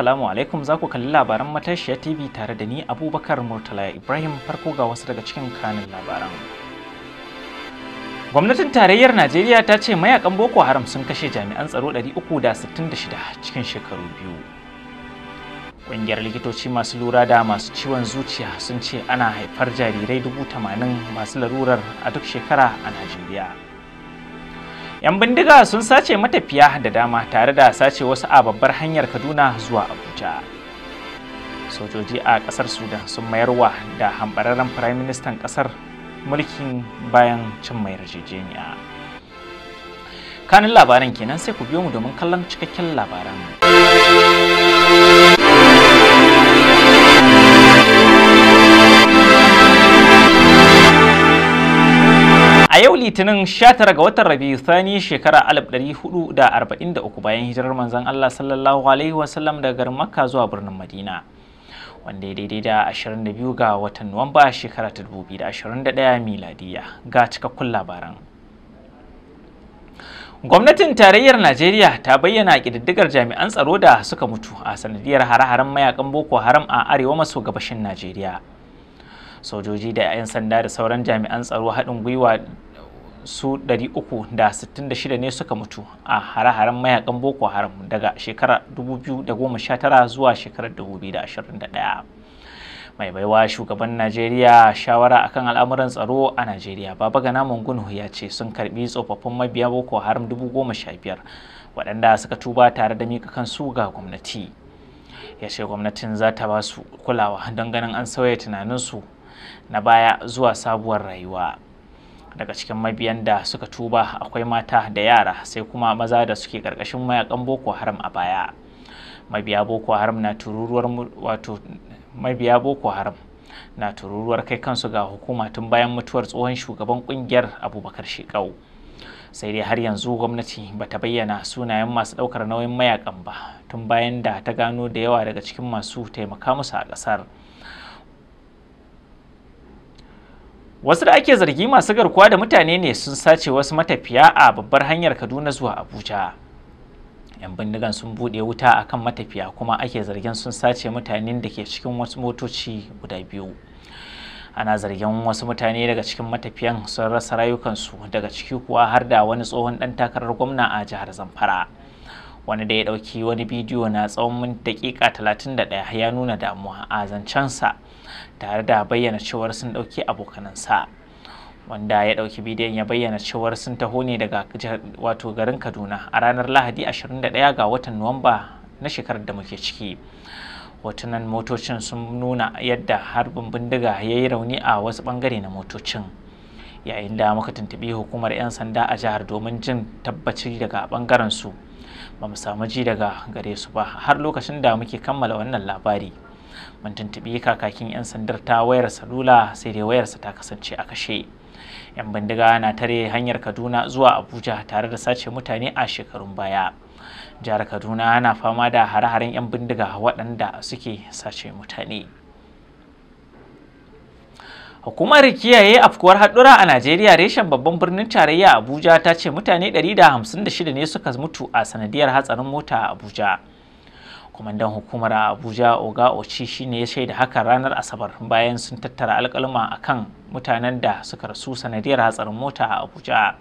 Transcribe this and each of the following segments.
Assalamu alaikum za ku kalli labaran matashiya TV tare da ni Abubakar Murtala Ibrahim farko ga wasu daga cikin kanin labaran. Gwamnatin tarayyar Najeriya ta ce mayakan Boko Haram sun kashe jami'an tsaro 366 cikin shekaru biyu. Ƙungiyar likitoci masu lura da masu ciwon zuciya sun ce ana haifar jarirai 80,000 masu larurar a duk shekara a Najeriya. 'Yan bindiga sun sace matafiya da dama tare da sace wasu a babbar hanyar Kaduna zuwa Abuja. Sojoji a kasar Sudan sun mayarwa da hambararren Firaministan kasar mulkin bayan cin mai yarjejeniya. Kanin labaran kenan sai ku biyo mu domin kallon cikakken labaran. yau litinin 19 ga watan Rabi Sani shekara 1443 bayan hijirar manzan Allah sallallahu alaihi wasallam daga garin Makka zuwa birnin Madina wanda ya daidai da 22 ga watan Nuwamba shekara ta 2021 miladiya ga cikakkun labaran. Gwamnatin Tarayyar Najeriya ta bayyana ƙididdigar jami'an tsaro da suka mutu a sanadiyar hare-haren mayakan Boko Haram a arewa maso gabashin Najeriya. Sojoji da 'yan sanda da sauran jami'an tsaro haɗin gwiwa su 366 ne suka mutu a hare-haren mayakan boko haram daga shekarar 2019 zuwa shekarar 2021 mai baiwa shugaban najeriya shawara akan al'amuran tsaro a najeriya baba gana Gunu ya ce sun karbi tsofaffin mabiya boko haram 15,000 waɗanda suka tuba tare da mika kansu ga gwamnati ya ce gwamnatin za ta ba su kulawa don ganin an sauya tunaninsu na baya zuwa sabuwar rayuwa daga cikin mabiyan da suka tuba akwai mata da yara sai kuma maza da suke karkashin mayakan boko haram a baya mabiya boko haram na tururuwar wato mabiya boko haram na tururuwar kai kansu ga hukuma tun bayan mutuwar tsohon shugaban kungiyar abubakar shekau sai dai har yanzu gwamnati ba ta bayyana sunayen masu ɗaukar nauyin mayakan ba tun bayan da ta gano da yawa daga cikin masu taimaka musu a ƙasar. Wasu da ake zargi masu garkuwa da mutane ne sun sace wasu matafiya a babbar hanyar Kaduna zuwa Abuja. 'Yan bindigan sun buɗe wuta a kan matafiya kuma ake zargin sun sace mutanen da ke cikin wasu motoci guda biyu. Ana zargin wasu mutane daga cikin matafiyan sun rasa rayukansu daga ciki kuwa har da wani tsohon ɗan takarar gwamna a jihar Zamfara. wani da ya ɗauki wani bidiyo na tsawon daƙiƙa 31 ya nuna damuwa a zancensa tare da bayyana cewar sun ɗauki abokanansa wanda ya ɗauki bidiyon ya bayyana cewar sun taho ne daga wato garin kaduna a ranar lahadi 21 ga watan nuwamba na shekarar da muke ciki hotunan motocin sun nuna yadda harbin bindiga ya yi rauni a wasu bangare na motocin yayin da muka tuntubi hukumar 'yan sanda a jihar domin jin tabbaci daga bangaren su ba mu samu ji daga gare su ba har lokacin da muke kammala wannan labari mun tuntuɓi kakakin 'yan sandar ta wayar salula sai dai wayarsa ta kasance a kashe 'yan bindiga na tare hanyar kaduna zuwa abuja tare da sace mutane a shekarun baya jihar kaduna na fama da hare-haren 'yan bindiga waɗanda suke sace mutane Hukumar kiyaye afkuwar haɗura a Najeriya reshen babban birnin tarayya Abuja ta ce mutane 156 ne suka mutu a sanadiyar hatsarin mota a Abuja. Kwamandan hukumar Abuja Oga shi shine ya shaida haka ranar Asabar bayan sun tattara a kan mutanen da suka rasu sanadiyar hatsarin mota a Abuja.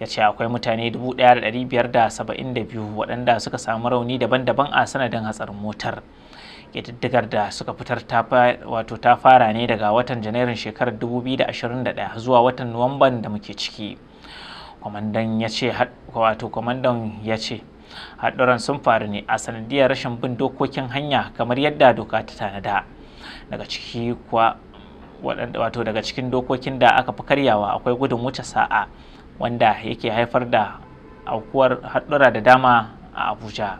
ya ce akwai mutane 1,572 waɗanda suka samu rauni daban-daban a sanadin hatsarin motar. ƙididdigar da suka fitar ta fara ne daga watan janairun shekarar 2021 zuwa watan nuwamban da muke ciki kwamandan ya ce wato kwamandan ya ce haɗuran sun faru ne a sanadiyar rashin bin dokokin hanya kamar yadda doka ta tanada daga ciki kuwa wato daga cikin dokokin da aka fi karyawa akwai gudun wuce sa'a wanda yake haifar da aukuwar haɗura da dama a abuja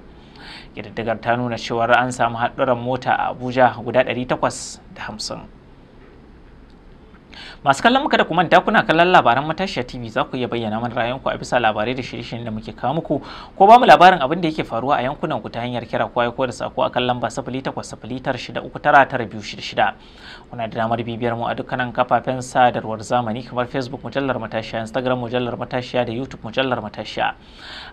ƙirƙirar ta nuna cewar an samu haɗuran mota a abuja guda 850 Masu kallon muka da kuma da kuna kallon labaran matashiya TV za ku iya bayyana mana ra'ayinku a bisa labarai da shirye-shiryen da muke kawo muku ko ba mu labarin abin da yake faruwa a yankunan ku ta hanyar kira ko aiko da sako akan lamba 0809639266. Kuna da damar bibiyar mu a dukkanin kafafen sadarwar zamani kamar Facebook mujallar matashiya, Instagram mujallar matashiya da YouTube mujallar matashiya.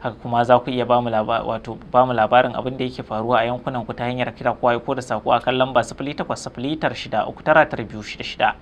Haka kuma za ku iya ba mu labarin abin da yake faruwa a yankunan ku ta hanyar kira ko aiko da sako akan lamba 0809639266.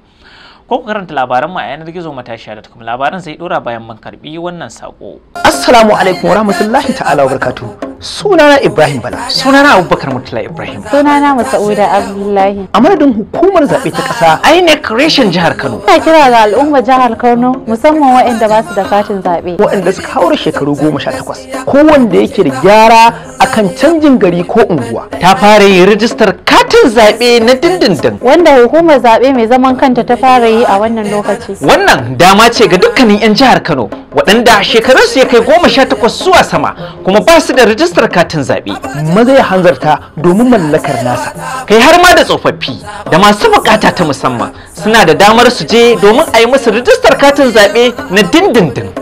ko karanta labaran mu a yanar gizo matashiya.com labaran zai dora bayan man karbi wannan sako assalamu alaikum wa rahmatullahi ta'ala wabarakatuh sunana Ibrahim Bala sunana Abubakar Murtala Ibrahim sunana Masauda Abdullahi a madadin hukumar zaɓe ta ƙasa INEC reshen jihar Kano ina kira ga al'umma jihar Kano musamman waɗanda ba su da katin zaɓe waɗanda suka haura shekaru goma sha takwas ko wanda yake da gyara akan canjin gari ko unguwa ta fara yin rijistar ka? batun zaɓe na dindindin. Wanda hukumar zaɓe mai zaman kanta ta fara yi a wannan lokaci. Wannan dama ce ga dukkanin 'yan jihar Kano waɗanda shekarunsu ya kai goma sha takwas zuwa sama kuma ba su da rijistar katin zaɓe. Maza ya hanzarta domin mallakar nasa. Kai har ma da tsofaffi da masu buƙata ta musamman suna da damar su je domin a yi musu rijistar katin zaɓe na dindindin.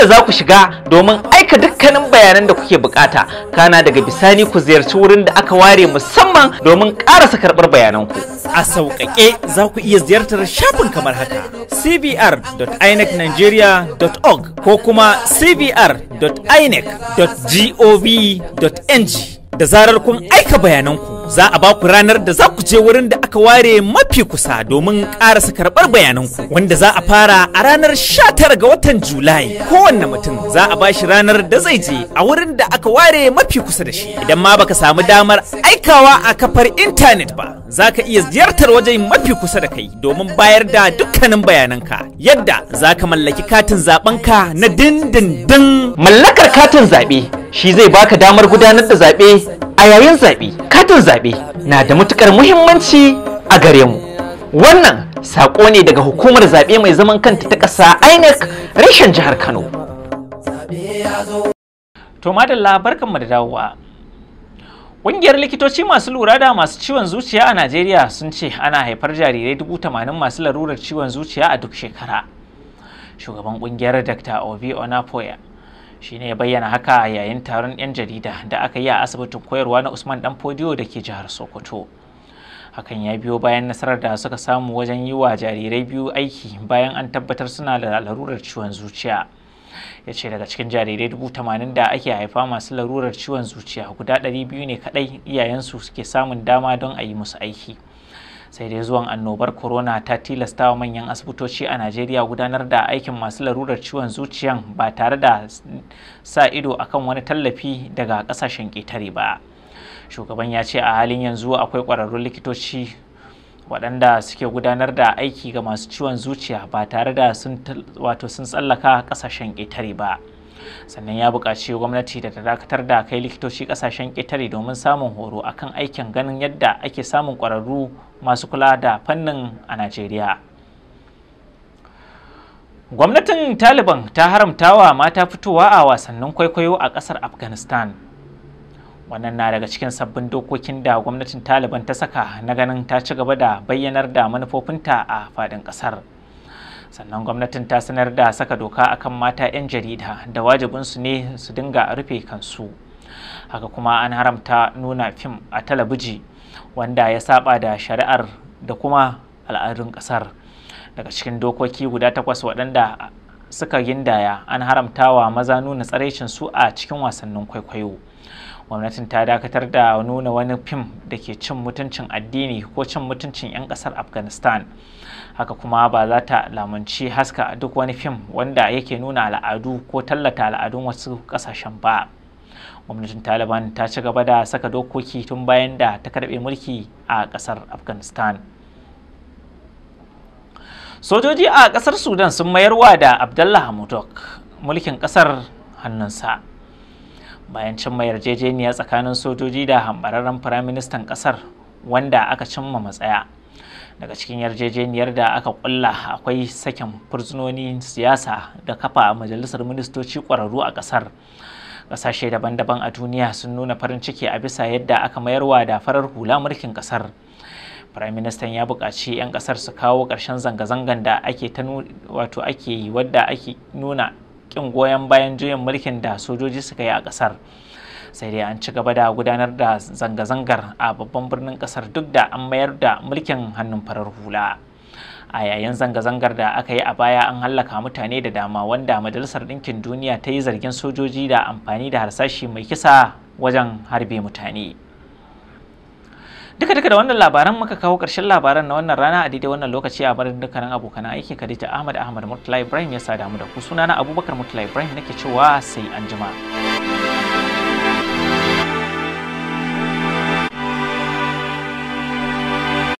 wanda za ku shiga domin aika dukkanin bayanan da kuke bukata kana daga bisani ku ziyarci wurin da aka ware musamman domin karasa karɓar bayananku a sauƙaƙe za ku iya ziyartar shafin kamar haka cbr.inecnigeria.org ko kuma cbr.inec.gov.ng da zarar kun aika bayananku za a baku ranar da za ku je wurin da aka ware mafi kusa domin karasa karɓar bayananku wanda za a fara a ranar 19 ga watan Julai. Kowanne mutum za a bashi ranar da zai je a wurin da aka ware mafi kusa da shi. Idan ma baka samu damar aikawa a kafar intanet ba, za ka iya ziyartar wajen mafi kusa da kai domin bayar da dukkanin bayananka. Yadda za ka mallaki katin zaɓenka na dindindin. Mallakar katin zaɓe shi zai baka damar gudanar da zaɓe a yayin zaɓe katin zaɓe na da matukar muhimmanci a gare mu wannan saƙo ne daga hukumar zaɓe mai zaman kanta ta ƙasa inec rashin jihar kano to madalla barkanmu da dawowa Ƙungiyar likitoci masu lura da masu ciwon zuciya a Najeriya sun ce ana haifar jarirai dubu tamanin masu larurar ciwon zuciya a duk shekara. Shugaban ƙungiyar Dr. Obi Onapoya shine ya bayyana haka yayin taron 'yan jarida da aka yi a asibitin koyarwa na usman dan fodiyo da ke jihar sokoto hakan ya biyo bayan nasarar da suka samu wajen yi wa jarirai biyu aiki bayan an tabbatar suna da larurar ciwon zuciya ya ce daga cikin jarirai dubu tamanin da ake haifa masu larurar ciwon zuciya guda ɗari biyu ne kaɗai iyayensu suke samun dama don a yi musu aiki sai dai zuwan annobar corona ta tilasta wa manyan asibitoci a najeriya gudanar da aikin masu larurar ciwon zuciyan ba tare da sa ido akan wani tallafi daga kasashen ƙetare ba shugaban ya ce a halin yanzu akwai ƙwararrun likitoci waɗanda suke gudanar da aiki ga masu ciwon zuciya ba tare da sun tsallaka ƙasashen ƙetare ba. sannan ya buƙaci gwamnati da ta dakatar da kai likitoci ƙasashen ƙetare domin samun horo akan aikin ganin yadda ake samun ƙwararru masu kula da fannin a najeriya gwamnatin taliban ta haramtawa mata fitowa a wasannin kwaikwayo a ƙasar afghanistan wannan na daga cikin sabbin dokokin da gwamnatin taliban ta saka na ganin ta ci gaba da bayyanar da manufofinta a faɗin ƙasar. sannan gwamnatin ta sanar da saka doka akan mata 'yan jarida da wajibinsu ne su dinga rufe kansu haka kuma an haramta nuna fim a talabiji wanda ya saba da shari'ar da kuma al'adun kasar daga cikin dokoki guda takwas waɗanda suka gindaya an haramta wa maza nuna tsaraicin su a cikin wasannin kwaikwayo gwamnatin ta dakatar da nuna wani fim da ke cin mutuncin addini ko cin mutuncin 'yan kasar afghanistan haka kuma ba za ta lamunci haska duk wani fim wanda yake nuna al'adu ko tallata al'adun wasu kasashen ba gwamnatin taliban ta ci gaba da saka dokoki tun bayan da ta karbe mulki a kasar afghanistan sojoji a kasar sudan sun mayarwa da abdullah mulkin kasar hannunsa bayan cimma yarjejeniya tsakanin sojoji da hambararren firaministan ƙasar wanda aka cimma matsaya daga cikin yarjejeniyar da aka kulla akwai sakin fursunonin siyasa da kafa a majalisar ministoci ƙwararru a ƙasar ƙasashe daban-daban a duniya sun nuna farin ciki a bisa yadda aka mayarwa da farar hula mulkin ƙasar firaministan ya buƙaci 'yan ƙasar su kawo ƙarshen zanga-zangan da ake ta wato ake yi wadda ake nuna kin goyon bayan juyin mulkin da sojoji suka yi a kasar sai dai an ci gaba da gudanar da zanga-zangar a babban birnin kasar duk da an mayar da mulkin hannun farar hula a yayin zanga-zangar da aka yi a baya an hallaka mutane da dama wanda majalisar ɗinkin duniya ta yi zargin sojoji da amfani da harsashi mai kisa wajen harbe mutane. duka duka da wannan labaran muka kawo ƙarshen labaran na wannan rana a daidai wannan lokaci a barin dukkanin abokan aiki Khadija Ahmad Ahmad Murtala Ibrahim ya sada mu da ku sunana Abubakar Murtala Ibrahim nake cewa sai anjima.